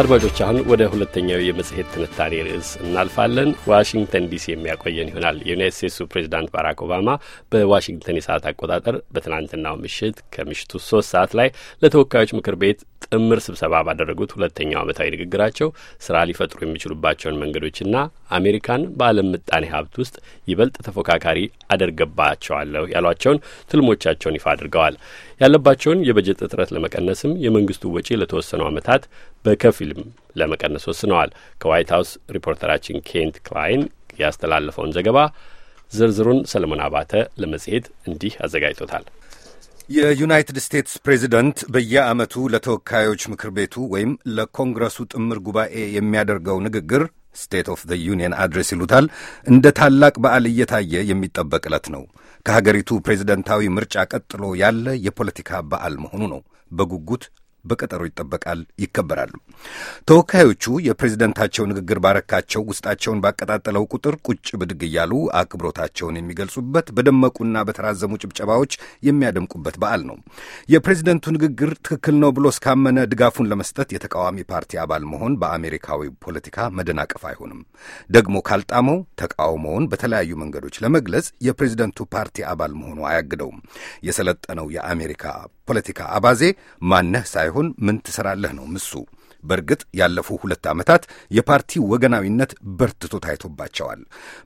አድማጮች አሁን ወደ ሁለተኛው የመጽሔት ትንታኔ ርዕስ እናልፋለን። ዋሽንግተን ዲሲ የሚያቆየን ይሆናል። የዩናይት ስቴትሱ ፕሬዚዳንት ባራክ ኦባማ በዋሽንግተን የሰዓት አቆጣጠር በትናንትናው ምሽት ከምሽቱ ሶስት ሰዓት ላይ ለተወካዮች ምክር ቤት ጥምር ስብሰባ ባደረጉት ሁለተኛው ዓመታዊ ንግግራቸው ስራ ሊፈጥሩ የሚችሉባቸውን መንገዶችና አሜሪካን በዓለም ምጣኔ ሀብት ውስጥ ይበልጥ ተፎካካሪ አደርገባቸዋለሁ ያሏቸውን ትልሞቻቸውን ይፋ አድርገዋል። ያለባቸውን የበጀት እጥረት ለመቀነስም የመንግስቱ ወጪ ለተወሰኑ ዓመታት በከፊልም ለመቀነስ ወስነዋል። ከዋይት ሀውስ ሪፖርተራችን ኬንት ክላይን ያስተላለፈውን ዘገባ ዝርዝሩን ሰለሞን አባተ ለመጽሔት እንዲህ አዘጋጅቶታል። የዩናይትድ ስቴትስ ፕሬዚደንት በየዓመቱ ለተወካዮች ምክር ቤቱ ወይም ለኮንግረሱ ጥምር ጉባኤ የሚያደርገው ንግግር ስቴት ኦፍ ዘ ዩኒየን አድሬስ ይሉታል። እንደ ታላቅ በዓል እየታየ የሚጠበቅ ዕለት ነው። ከሀገሪቱ ፕሬዚደንታዊ ምርጫ ቀጥሎ ያለ የፖለቲካ በዓል መሆኑ ነው በጉጉት በቀጠሮ ይጠበቃል፣ ይከበራሉ። ተወካዮቹ የፕሬዝደንታቸው ንግግር ባረካቸው ውስጣቸውን ባቀጣጠለው ቁጥር ቁጭ ብድግ እያሉ አክብሮታቸውን የሚገልጹበት በደመቁና በተራዘሙ ጭብጨባዎች የሚያደምቁበት በዓል ነው። የፕሬዝደንቱ ንግግር ትክክል ነው ብሎ እስካመነ ድጋፉን ለመስጠት የተቃዋሚ ፓርቲ አባል መሆን በአሜሪካዊ ፖለቲካ መደናቀፍ አይሆንም። ደግሞ ካልጣመው ተቃውሞውን በተለያዩ መንገዶች ለመግለጽ የፕሬዝደንቱ ፓርቲ አባል መሆኑ አያግደውም። የሰለጠነው የአሜሪካ ፖለቲካ አባዜ ማነህ ሳይሆን ሳይሆን ምን ትሰራለህ ነው ምሱ። በእርግጥ ያለፉ ሁለት ዓመታት የፓርቲ ወገናዊነት በርትቶ ታይቶባቸዋል።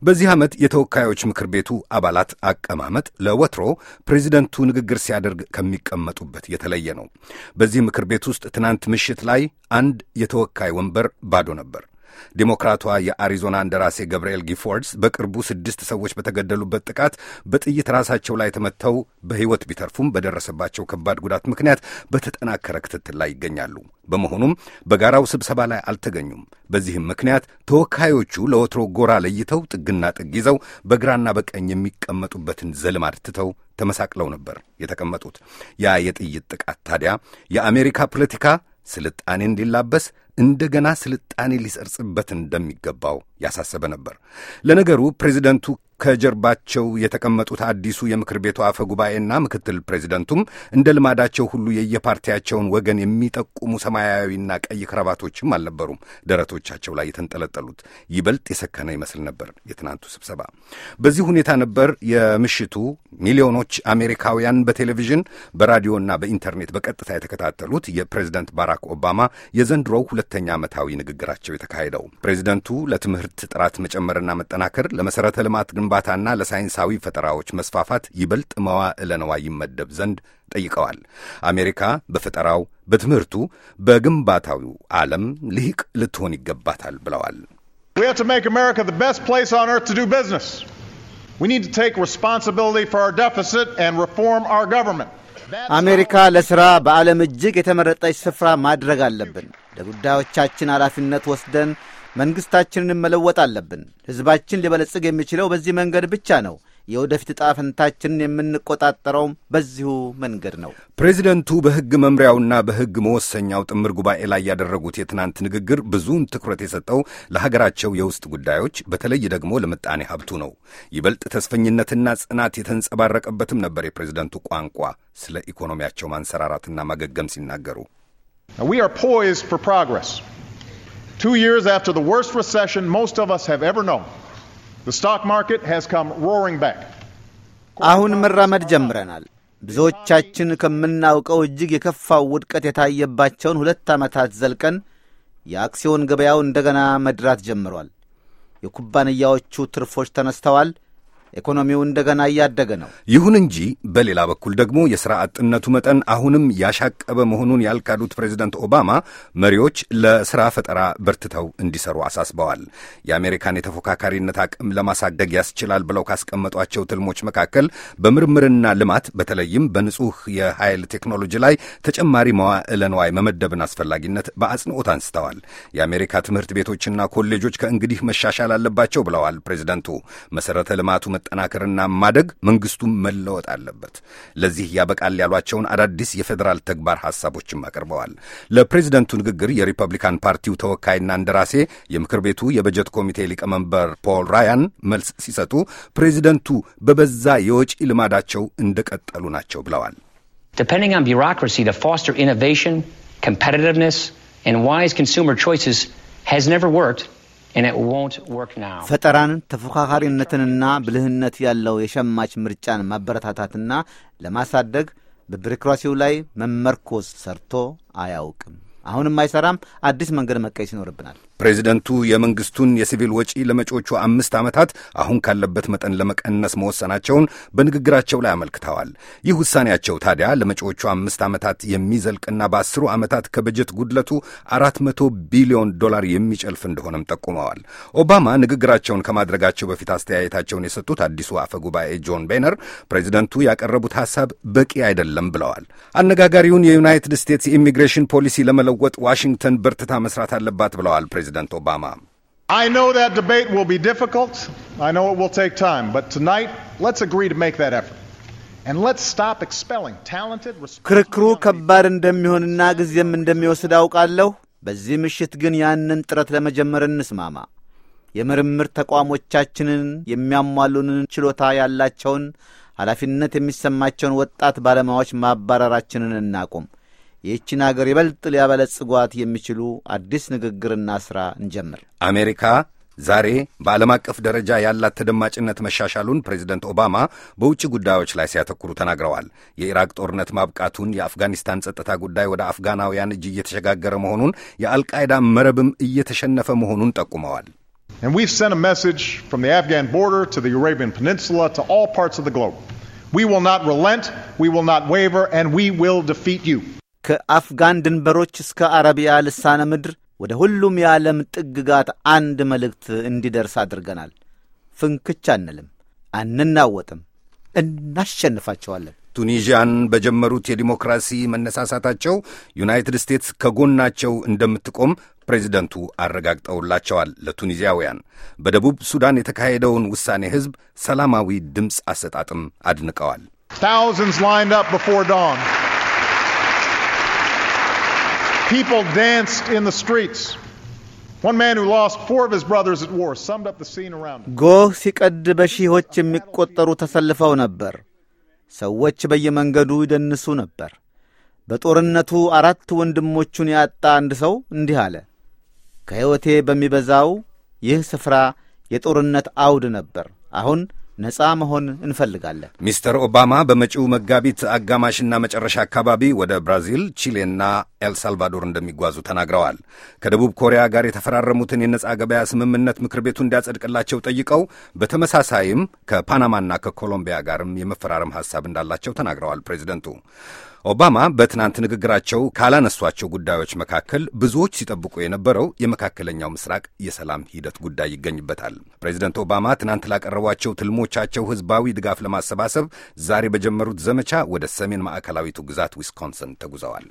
በዚህ ዓመት የተወካዮች ምክር ቤቱ አባላት አቀማመጥ ለወትሮ ፕሬዚደንቱ ንግግር ሲያደርግ ከሚቀመጡበት የተለየ ነው። በዚህ ምክር ቤት ውስጥ ትናንት ምሽት ላይ አንድ የተወካይ ወንበር ባዶ ነበር። ዴሞክራቷ የአሪዞና እንደራሴ ገብርኤል ጊፎርድስ በቅርቡ ስድስት ሰዎች በተገደሉበት ጥቃት በጥይት ራሳቸው ላይ ተመተው በሕይወት ቢተርፉም በደረሰባቸው ከባድ ጉዳት ምክንያት በተጠናከረ ክትትል ላይ ይገኛሉ። በመሆኑም በጋራው ስብሰባ ላይ አልተገኙም። በዚህም ምክንያት ተወካዮቹ ለወትሮ ጎራ ለይተው ጥግና ጥግ ይዘው በግራና በቀኝ የሚቀመጡበትን ዘልማድ ትተው ተመሳቅለው ነበር የተቀመጡት። ያ የጥይት ጥቃት ታዲያ የአሜሪካ ፖለቲካ ስልጣኔ እንዲላበስ እንደገና ስልጣኔ ሊሰርጽበት እንደሚገባው ያሳሰበ ነበር። ለነገሩ ፕሬዚደንቱ ከጀርባቸው የተቀመጡት አዲሱ የምክር ቤቱ አፈ ጉባኤና ምክትል ፕሬዚደንቱም እንደ ልማዳቸው ሁሉ የየፓርቲያቸውን ወገን የሚጠቁሙ ሰማያዊና ቀይ ክራባቶችም አልነበሩም ደረቶቻቸው ላይ የተንጠለጠሉት። ይበልጥ የሰከነ ይመስል ነበር የትናንቱ ስብሰባ። በዚህ ሁኔታ ነበር የምሽቱ ሚሊዮኖች አሜሪካውያን በቴሌቪዥን በራዲዮና በኢንተርኔት በቀጥታ የተከታተሉት የፕሬዝደንት ባራክ ኦባማ የዘንድሮው ሁለተኛ ዓመታዊ ንግግራቸው የተካሄደው ፕሬዝደንቱ ለትምህርት ጥራት መጨመርና መጠናከር፣ ለመሠረተ ልማት ግንባታና ለሳይንሳዊ ፈጠራዎች መስፋፋት ይበልጥ መዋዕለ ንዋይ ይመደብ ዘንድ ጠይቀዋል። አሜሪካ በፈጠራው በትምህርቱ፣ በግንባታው ዓለም ልሂቅ ልትሆን ይገባታል ብለዋል። We have to make America the best place on earth to do business. We need to take responsibility for our deficit and reform our government. አሜሪካ ለሥራ በዓለም እጅግ የተመረጠች ስፍራ ማድረግ አለብን። ለጉዳዮቻችን ኃላፊነት ወስደን መንግሥታችንን መለወጥ አለብን። ሕዝባችን ሊበለጽግ የሚችለው በዚህ መንገድ ብቻ ነው። የወደፊት ዕጣ ፈንታችንን የምንቆጣጠረውም በዚሁ መንገድ ነው። ፕሬዚደንቱ በሕግ መምሪያውና በሕግ መወሰኛው ጥምር ጉባኤ ላይ ያደረጉት የትናንት ንግግር ብዙውን ትኩረት የሰጠው ለሀገራቸው የውስጥ ጉዳዮች በተለይ ደግሞ ለምጣኔ ሀብቱ ነው። ይበልጥ ተስፈኝነትና ጽናት የተንጸባረቀበትም ነበር የፕሬዚደንቱ ቋንቋ ስለ ኢኮኖሚያቸው ማንሰራራትና ማገገም ሲናገሩ We are poised for progress. Two years after the worst recession most of us have ever known. አሁን መራመድ ጀምረናል። ብዙዎቻችን ከምናውቀው እጅግ የከፋው ውድቀት የታየባቸውን ሁለት ዓመታት ዘልቀን የአክሲዮን ገበያው እንደገና መድራት ጀምሯል። የኩባንያዎቹ ትርፎች ተነስተዋል። ኢኮኖሚው እንደገና እያደገ ነው። ይሁን እንጂ በሌላ በኩል ደግሞ የሥራ አጥነቱ መጠን አሁንም ያሻቀበ መሆኑን ያልካዱት ፕሬዚደንት ኦባማ መሪዎች ለሥራ ፈጠራ በርትተው እንዲሰሩ አሳስበዋል። የአሜሪካን የተፎካካሪነት አቅም ለማሳደግ ያስችላል ብለው ካስቀመጧቸው ትልሞች መካከል በምርምርና ልማት በተለይም በንጹሕ የኃይል ቴክኖሎጂ ላይ ተጨማሪ መዋዕለ ንዋይ መመደብን አስፈላጊነት በአጽንኦት አንስተዋል። የአሜሪካ ትምህርት ቤቶችና ኮሌጆች ከእንግዲህ መሻሻል አለባቸው ብለዋል ፕሬዚደንቱ መሠረተ ልማቱ መጠናከርና ማደግ መንግስቱም መለወጥ አለበት። ለዚህ ያበቃል ያሏቸውን አዳዲስ የፌዴራል ተግባር ሐሳቦችም አቅርበዋል። ለፕሬዚደንቱ ንግግር የሪፐብሊካን ፓርቲው ተወካይና እንደራሴ የምክር ቤቱ የበጀት ኮሚቴ ሊቀመንበር ፖል ራያን መልስ ሲሰጡ ፕሬዚደንቱ በበዛ የወጪ ልማዳቸው እንደቀጠሉ ናቸው ብለዋል። worked ፈጠራን ተፎካካሪነትንና ብልህነት ያለው የሸማች ምርጫን ማበረታታትና ለማሳደግ በቢሮክራሲው ላይ መመርኮዝ ሰርቶ አያውቅም። አሁንም አይሰራም። አዲስ መንገድ መቀየስ ይኖርብናል። ፕሬዚደንቱ የመንግስቱን የሲቪል ወጪ ለመጪዎቹ አምስት ዓመታት አሁን ካለበት መጠን ለመቀነስ መወሰናቸውን በንግግራቸው ላይ አመልክተዋል። ይህ ውሳኔያቸው ታዲያ ለመጪዎቹ አምስት ዓመታት የሚዘልቅና በአስሩ ዓመታት ከበጀት ጉድለቱ አራት መቶ ቢሊዮን ዶላር የሚጨልፍ እንደሆነም ጠቁመዋል። ኦባማ ንግግራቸውን ከማድረጋቸው በፊት አስተያየታቸውን የሰጡት አዲሱ አፈ ጉባኤ ጆን ቤነር ፕሬዚደንቱ ያቀረቡት ሐሳብ በቂ አይደለም ብለዋል። አነጋጋሪውን የዩናይትድ ስቴትስ ኢሚግሬሽን ፖሊሲ ለመለወጥ ዋሽንግተን በርትታ መስራት አለባት ብለዋል ፕሬዚዳንት ኦባማ። ክርክሩ ከባድ እንደሚሆንና ጊዜም እንደሚወስድ አውቃለሁ። በዚህ ምሽት ግን ያንን ጥረት ለመጀመር እንስማማ። የምርምር ተቋሞቻችንን የሚያሟሉንን ችሎታ ያላቸውን ኃላፊነት የሚሰማቸውን ወጣት ባለሙያዎች ማባረራችንን እናቁም። ይህችን አገር ይበልጥ ሊያበለጽጓት የሚችሉ አዲስ ንግግርና ሥራ እንጀምር። አሜሪካ ዛሬ በዓለም አቀፍ ደረጃ ያላት ተደማጭነት መሻሻሉን ፕሬዚደንት ኦባማ በውጭ ጉዳዮች ላይ ሲያተኩሩ ተናግረዋል። የኢራቅ ጦርነት ማብቃቱን፣ የአፍጋኒስታን ጸጥታ ጉዳይ ወደ አፍጋናውያን እጅ እየተሸጋገረ መሆኑን፣ የአልቃይዳ መረብም እየተሸነፈ መሆኑን ጠቁመዋል። And we've sent a message from the Afghan border to the Arabian Peninsula to all parts of the globe. We will not relent, we will not waver, and we will defeat you. ከአፍጋን ድንበሮች እስከ አረቢያ ልሳነ ምድር ወደ ሁሉም የዓለም ጥግጋት አንድ መልእክት እንዲደርስ አድርገናል። ፍንክች አንልም፣ አንናወጥም፣ እናሸንፋቸዋለን። ቱኒዥያን በጀመሩት የዲሞክራሲ መነሳሳታቸው ዩናይትድ ስቴትስ ከጎናቸው እንደምትቆም ፕሬዚደንቱ አረጋግጠውላቸዋል። ለቱኒዚያውያን በደቡብ ሱዳን የተካሄደውን ውሳኔ ሕዝብ ሰላማዊ ድምፅ አሰጣጥም አድንቀዋል። People danced in the streets. One man who lost four of his brothers at war summed up the scene around him. ጎህ ሲቀድ በሺዎች የሚቆጠሩ ተሰልፈው ነበር። ሰዎች በየመንገዱ ይደንሱ ነበር። በጦርነቱ አራት ወንድሞቹን ያጣ አንድ ሰው እንዲህ አለ። ከሕይወቴ በሚበዛው ይህ ስፍራ የጦርነት አውድ ነበር። አሁን ነፃ መሆን እንፈልጋለን። ሚስተር ኦባማ በመጪው መጋቢት አጋማሽና መጨረሻ አካባቢ ወደ ብራዚል፣ ቺሌና ኤልሳልቫዶር እንደሚጓዙ ተናግረዋል። ከደቡብ ኮሪያ ጋር የተፈራረሙትን የነጻ ገበያ ስምምነት ምክር ቤቱ እንዲያጸድቅላቸው ጠይቀው በተመሳሳይም ከፓናማና ከኮሎምቢያ ጋርም የመፈራረም ሀሳብ እንዳላቸው ተናግረዋል ፕሬዚደንቱ ኦባማ በትናንት ንግግራቸው ካላነሷቸው ጉዳዮች መካከል ብዙዎች ሲጠብቁ የነበረው የመካከለኛው ምስራቅ የሰላም ሂደት ጉዳይ ይገኝበታል። ፕሬዚደንት ኦባማ ትናንት ላቀረቧቸው ትልሞቻቸው ህዝባዊ ድጋፍ ለማሰባሰብ ዛሬ በጀመሩት ዘመቻ ወደ ሰሜን ማዕከላዊቱ ግዛት ዊስኮንሰን ተጉዘዋል።